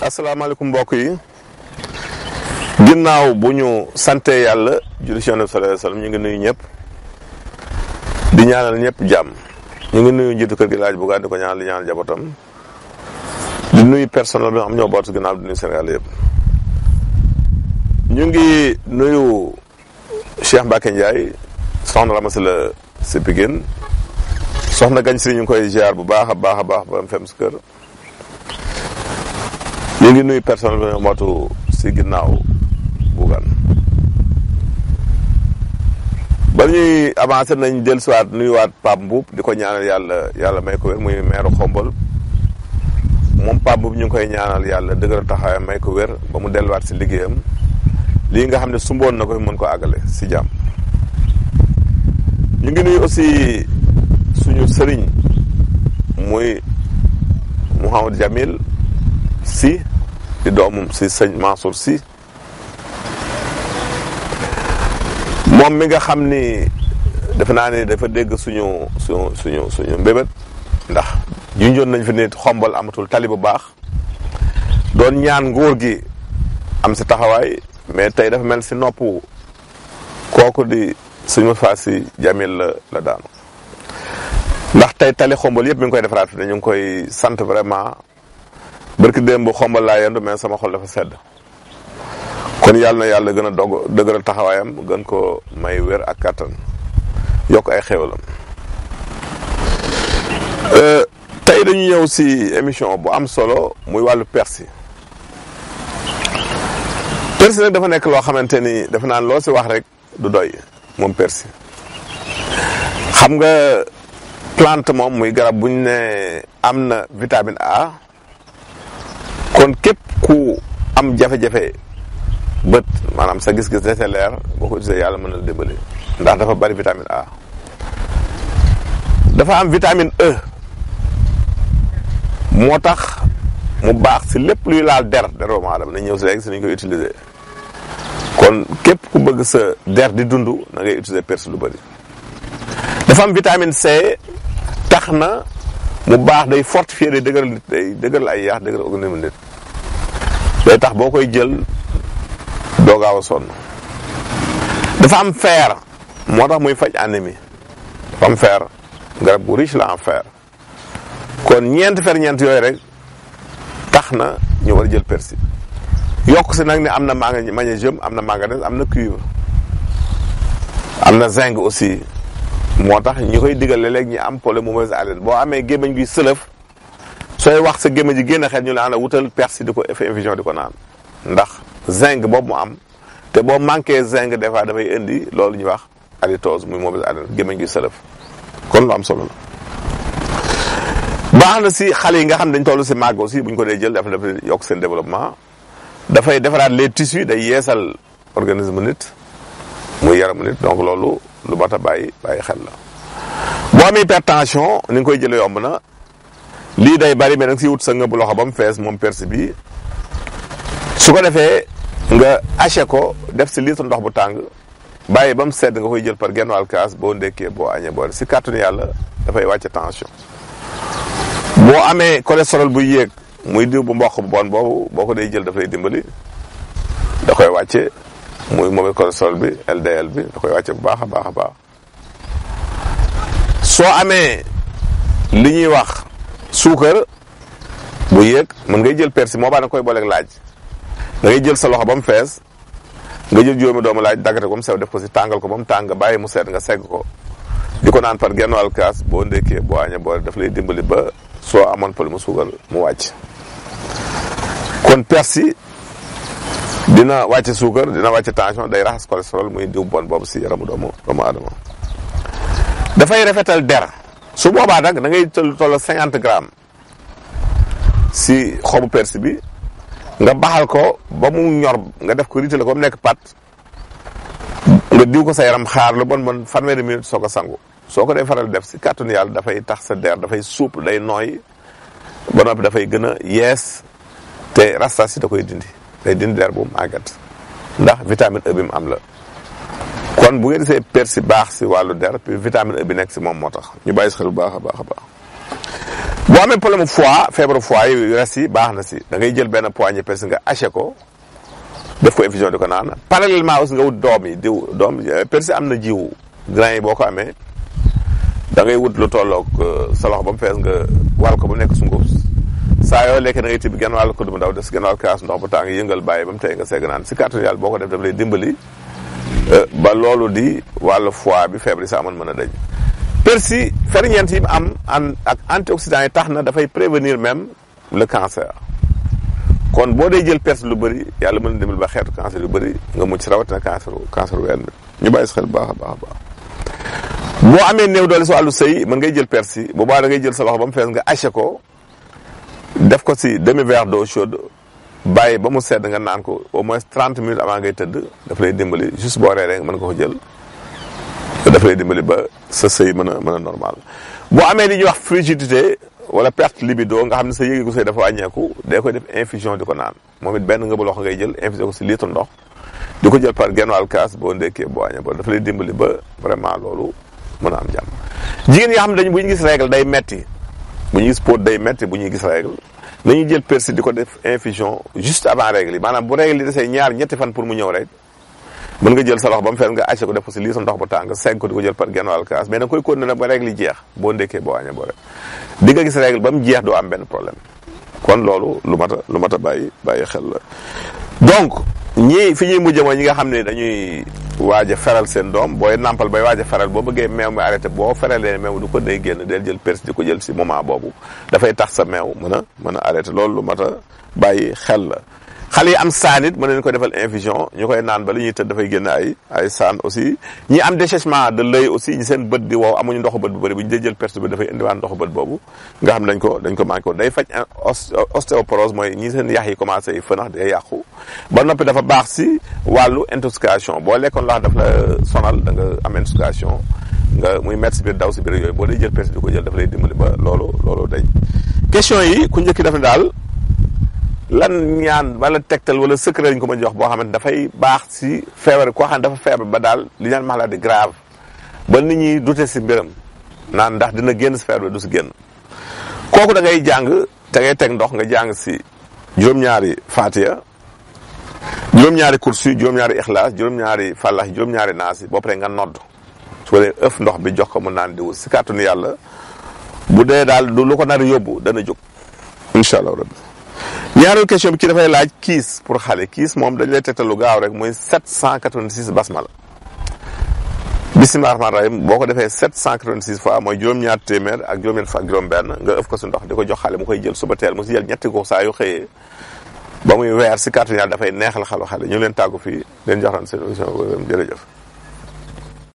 assalamu alaykum mbokk yi ginnaaw bu ñu sante yàlla julli ci nabi sallallahu alayhi wasallam ñu ngi nuyu ñëpp di ñaanal ñëpp jàmm ñu ngi nuyu njiitu kër gi laaj bu di ko ñaanal di ñaanal jabotam di nuyu personnel bi nga xam ñoo boot ginnaaw di nuyu Sénégal yëpp ñu ngi nuyu Cheikh Mbacke Ndiaye soxna Rama si la si Pikine soxna gañ si ñu koy ziar bu baax a baax a baax ba fem si kër ngi nuyu personne bi motu si ginnaaw gan ba ñuy avancé nañ del suwaat nuyuwaat pap mbub di ko ñaanal yàlla yàlla may ko wér muy maire xombal moom pap mbub ñu ngi koy ñaanal yàlla dëgëral taxawaay may ko wér ba mu delluwaat si liggéeyam lii nga xam ne sumboon na ko mën ko àggale si jàmm ñu ngi nuyu aussi suñu sëriñ muy muhammad Jamil si di doomum si sëñ Mansour si moom mi nga xam ni defe naa ne dafa dégg suñu suñu suñu suñu mbébét ndax junjoon nañ fi ne xombal amatul tali bu baax doon ñaan nguur gi am si taxawaay mais tey dafa mel si nopp kooku di suñu faa si jamil la la daanu ndax tey tali xombal yëpp mi ngi koy defaraat fi ne ñu ngi koy sant vraiment barki démb bu xombal laa yendu mais sama xol dafa sedd kon yàlla na yàlla gën a dog dëgëral taxawaayam gën ko may wér ak kàttan yokk ay xéwalam euh, tey dañu ñëw si émission bu am solo muy wàllu persil persil nag dafa nekk loo xamante ni dafa naan loo si wax rek du doy moom persil xam nga plante moom muy garab bu ñu ne am na vitamine A kon képp ku am jafe bët maanaam sa gis-gis dese yàlla mën na dimbali ndax dafa bari vitamine A dafa am vitamine E moo tax mu baax si lépp luy laal der der doomu aadama na ñëw si léegi si kon képp bëgg sa der di dund na ngay utiliser lu bari dafa am vitamine C tax na mu baax day fortifier day dëgëral nit day dëgëral ay yaax dëgëral organisme nit day tax boo koy jël doo gaaw a son dafa am fer moo tax muy faj anémie dafa am fer garab gu riche la en fer kon ñeent fer ñeent yooyu rek tax na ñu war jël persil yokk si nag ni am na magnésium am na manganèse am na cuivre am na zinc aussi moo tax ñu koy digal léeg-léeg ñi am problème mu mauvaise haleine boo amee gémmiñ gi sëlëf sooy wax sa gémmiñ ji génn xel ñu la ana wutal persil di ko infusion di ko naan ndax zinc boobu mu am te boo manqué zinc des fois dafay indi loolu ñuy wax halitose muy mauvaise haleine gémmiñ gi sëlëf kon lu am solo la. baax na si xale yi nga xam ne dañ tollu si màgg aussi bu ñu ko dee jël dafa dafay yokk seen développement dafay defaraat les tissus day yeesal organisme nit muy yaramu nit donc loolu lu mat a bàyyi bàyyi xel la boo amee hypertension ni nga koy jëlee yomb na. lii day bari mais da si wut sa ngëbu loxo ba fees moom persil bi su ko defee nga haché ko def si litre ndox bu tàng bàyyi bam sedd nga koy jël par genn wàll kaas boo ndekkee boo añee boo si kàttanu yàlla dafay wàcce tension. boo amee cholestérol bu yéeg muy diw bu mboq bu bon boobu boo ko day jël dafay dimbali da koy wàcce muy moomee cholestérol bi LDL bi da koy wàcce bu baax a baax a baax soo amee li ñuy wax. suukar bu yéeg mën ngay jël persi moo baa na koy booleeg laaj da ngay jël sa loxo ba mu fees nga jël juróomi doomu laaj daggate ko mu sew def ko si tàngal ko ba mu tàng bàyyi mu seet nga segg ko di ko naan par genn wàll kaas boo ndékkee boo aña boole daf lay dimbali ba soo amoon pël mu mu wàcc kon persi dina wàcce suukar dina wàcce tension day raxas cholestérol muy diw bon boobu si yaramu doomu doomu adama dafay rafetal der su boobaa nag da ngay toll toll cinquante grammes si xobu perse bi nga baxal ko ba mu ñor nga def ko ritale ko mu nekk pat nga diw ko sa yaram xaar lu bon bon fanweeri minute soo ko sangu soo ko dee faral def si kàttanu yàlla dafay tax sa der dafay souple day nooy ba noppi dafay gën a yees te rasta da koy dindi day dindi der bu mu ndax vitamine E bi mu am la kon bu ngeen gisee per si baax si wàllu der puis vitamine E bi nekk si moom moo tax ñu bàyyi si xel bu baax a baax a baax boo amee problème foie feebaru fois yi res yi baax na si da ngay jël benn poignée per nga haché ko def ko infusion di ko naan parallèlement aussi nga wut doom yi diw doom euh, per am na jiw grain yi boo ko amee da ngay wut lu tolloog euh, sa loxo ba mu fees nga wal ko ba nekk sunguf saa yoo lekk da tibb genn wàll ko du ndaw des boo ko def daf lay dimbali Euh, ba loolu di wàllu foie bi feebar yi sa amoon mën a dañ persil ferñeent yi mu am an ak antioxydant yi tax na dafay prévenir même le cancer kon boo dee jël persil lu bari yàlla mën na dimbali ba xeetu cancer yu bëri nga mucc rawatina cancer cancer wenn ñu bàyyi si xel baax baax a boo amee néew doole si wàllu sëy mën ngay jël persil boobaa da ngay jël sa loxo ba mu fees nga haché ko def ko si demi verre d'eau chaude bàyyi ba mu sedd nga naan ko au moins trente minutes avant ngay tëdd daf lay dimbali juste boo reeree nga mën nga ko jël daf lay dimbali ba sa sëy mën a mën a normal boo amee li ñuy wax frigidité wala perte libido nga xam ne sa yëngu sëy dafa wàññeeku day koy def infusion di ko naan moom it benn nga bu loxo ngay jël infusion ko si litre ndox di ko jël par genn wàll kaas boo ndekkee boo añee ba dafa lay dimbali ba vraiment loolu mën a am jam jigéen yi xam ne dañ bu ñu gis règle day metti bu ñu gis pot day metti bu ñuy gis règle dañuy jël persil di ko def infusion juste avant règle yi maanaam bu règle yi desee ñaar ñetti fan pour mu ñëw rek mën nga jël sa loxo ba mu fees nga àcc ko def ko sa ndox bu tàng segg ko di ko jël par genn wàll kaas mais da koy continuer nag ba règle yi jeex boo ndékkee boo wàññee boo rek gis règle ba mu jeex doo am benn problème kon loolu lu mat a lu mat bàyyi xel la donc ñii fi ñuy mujjee mooy ñi nga xam ne dañuy waaja feral seen doom booy nàmpal bay waaja a feral boo bëggee meew mi arrêté boo feralee meew du ko day génn dee jël persi ko jël si moment boobu dafay tax sa meew mën a mën a arrêté loolu lu mat a bàyyi xel la xale yi am saan it mën nañu ko defal infusion ñu koy naan ba li ñuy tëdd dafay génn ay saan aussi ñi am dessèchement de l'œil aussi ñi seen bët di wow amuñu ndoxu bët bu bëri bu ñu dee jël perte bi dafay indiwaat xam dañ ko dañ ko manqué woon day faj ostéoporose mooy ñi seen yax yi commencé yi ba noppi dafa baax si wàllu intoxication boo lekkoon laax daf la sonal da nga am intoxication nga muy mettre si biir daw si biir yooyu boo dee jël perte di ko jël dafa lay dimbali ba loolu loolu dañ question yi ku njëkki def ne daal lan ñaan wala tektal wala secret lañ ko ma jox boo xamante dafay baax si feebar koo xam dafa feebar ba dal li ñaan maladie grave ba nit ñi dute ci mbiram naan ndax dina génn ci feebar du ci génn koku da ngay jàng da ngay tek ndox nga jàng si juróom-ñaari fatia ñaari kursi juróom-ñaari ikhlas juróom-ñaari falah nasib. ñaari nasi bo pare nga nodd su ko euf ndox bi jox ko mu naan diwul si kàttanu yàlla bu dee daal du lu ko nar yóbbu dana jóg inshallah rabbi ñaareelu question bi ci dafay laaj kiis pour xale kiis moom dañ lay tegtal lu gaaw rek mooy 786 basmala bisimilah rahmaani rahim boo ko defee 786 fois mooy juróom-ñaar téeméer ak juróom-ñett fois juróom-benn nga ëf ko ndox di ko jox xale mu koy jël suba teel mu si jël ñetti ko saa yu xëyee ba muy weer si kàttu ñaar dafay neexal xalu xale ñu leen tàggu fii leen jox naan seen émission jërëjëf.